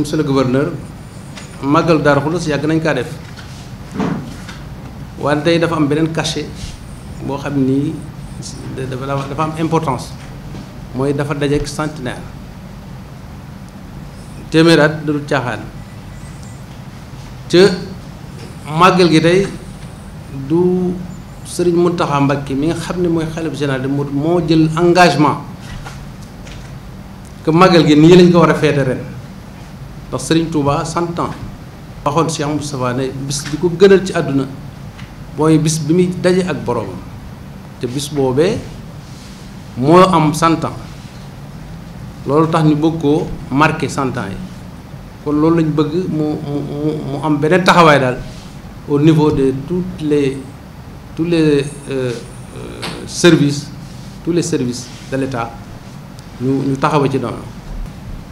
monsieur le gouverneur màggal Daaru Xudoos yàgg nañ kaa def waaye dafa am beneen cachet boo xam ni dafa am importance mooy dafa daje dajeek centenaire téeméeraat du caaxaan ca màggal gi tey du sëriñ mu Mountakha ki mi nga xam ne mooy xalif général de moo jël engagement que màggal gi nii lañ ko war a feete ren ndax Serigne Touba cent ans waxoon Cheikh Moustapha ne bis bi ko gënal ci àdduna mooy bis bi muy daje ak boroomam te bis boobee moo am cent ans loolu tax ñu bëgg koo marqué cent yi kon loolu lañ bëgg mu mu mu am beneen taxawaay daal au niveau de tout les tout les euh, euh, services tout les services de l'État ñu ñu taxawa ci noonu.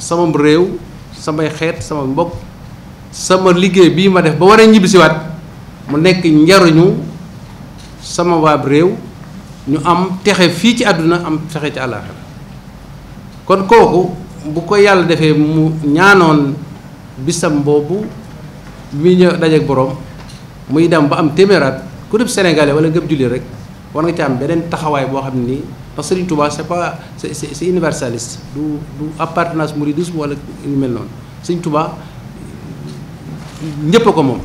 sama réew sama xeet sama mbokk sama liggéey bima ma def ba war a ñibbisiwaat mu nekk sama wa réew ñu am texe fii ci am texe ci àllaaxira kon kooku bu ko yàlla defee mu ñaanoon bisam bobu mi ñëw borom muy dem ba am temerat ku def sénégalais wala ngëb julli rek war nga ci am beneen taxawaay boo xam ne nii parce que Serigne Touba c'est pas c'est c'est universaliste du du appartenance mouridisme wala ñu mel noonu Serigne Touba ñëpp a ko moom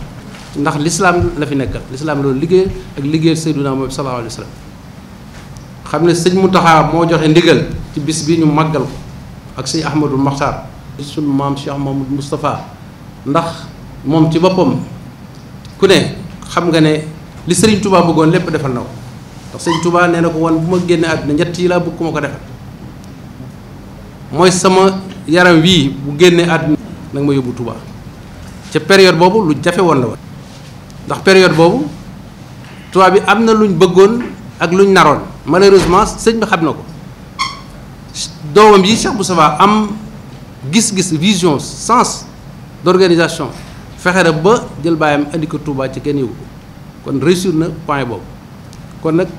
ndax lislaam la fi nekkal l'islam loolu liggéey ak liggéeyal Seydina Muhammad sallallahu alayhi wa sallam xam ne sëñ taxaa moo joxe ndigal ci bis bi ñu màggal ko ak sëñ Ahmadul Maxtar suñu maam Cheikh Mahmoud Moustapha ndax moom ci boppam ku ne xam nga ne li Serigne Touba bëggoon lépp defal na ko sëñ Touba nee na ko woon bu ma génnee àdduna ñett yi laa bëgg ku ko defal mooy sama yaram wii bu génnee àdduna nag ma yóbbu Touba ca période boobu lu jafe woon la woon ndax période boobu Touba bi am na luñ bëggoon ak luñ naroon malheureusement sëñ bi xam na ko doomam yi bu Moustapha am gis-gis vision sens d'organisation fexe na ba jël baayam indi ko Touba ci kenn yëgu ko kon réussir na point boobu. kon nak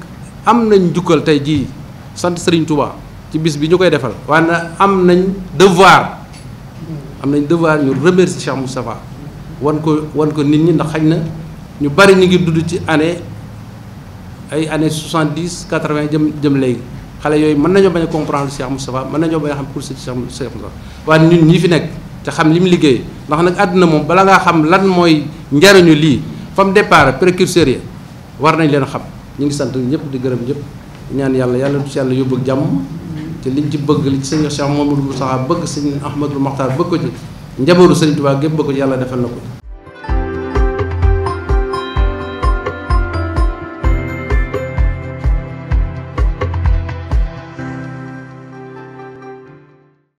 am nañ djukal tay ji sante Serigne Touba ci bis bi ñu defal waaye am nañ devoir am nañ devoir ñu remercier Cheikh Moustapha wan ko wan ko nit ñi ndax xañ ñu bari ñi ngi dudd ci année ay année 70 80 jëm jëm légui xalé yoy mën nañu bañ comprendre Cheikh Moustapha mën nañu bañ xam pour Cheikh Moustapha wa ñun ñi fi nek te xam lim liggéey ndax nag àdduna moom bala nga xam lan moy njariñu lii fa mu départ précurseur yi war nañ leen xam. ñu ngi sant ñëpp di gërëm ñëpp ñaan yàlla yàlla du si yàlla yóbbu ak jàmm te li liñ ci bëgg li ci sëñ Cheikh Mamadou Moustapha bëgg sëñ Ahmadou Makhtar bëgg ko ci njabootu sëñ Tuubaa gépp bëgg ko ci yàlla defal na ko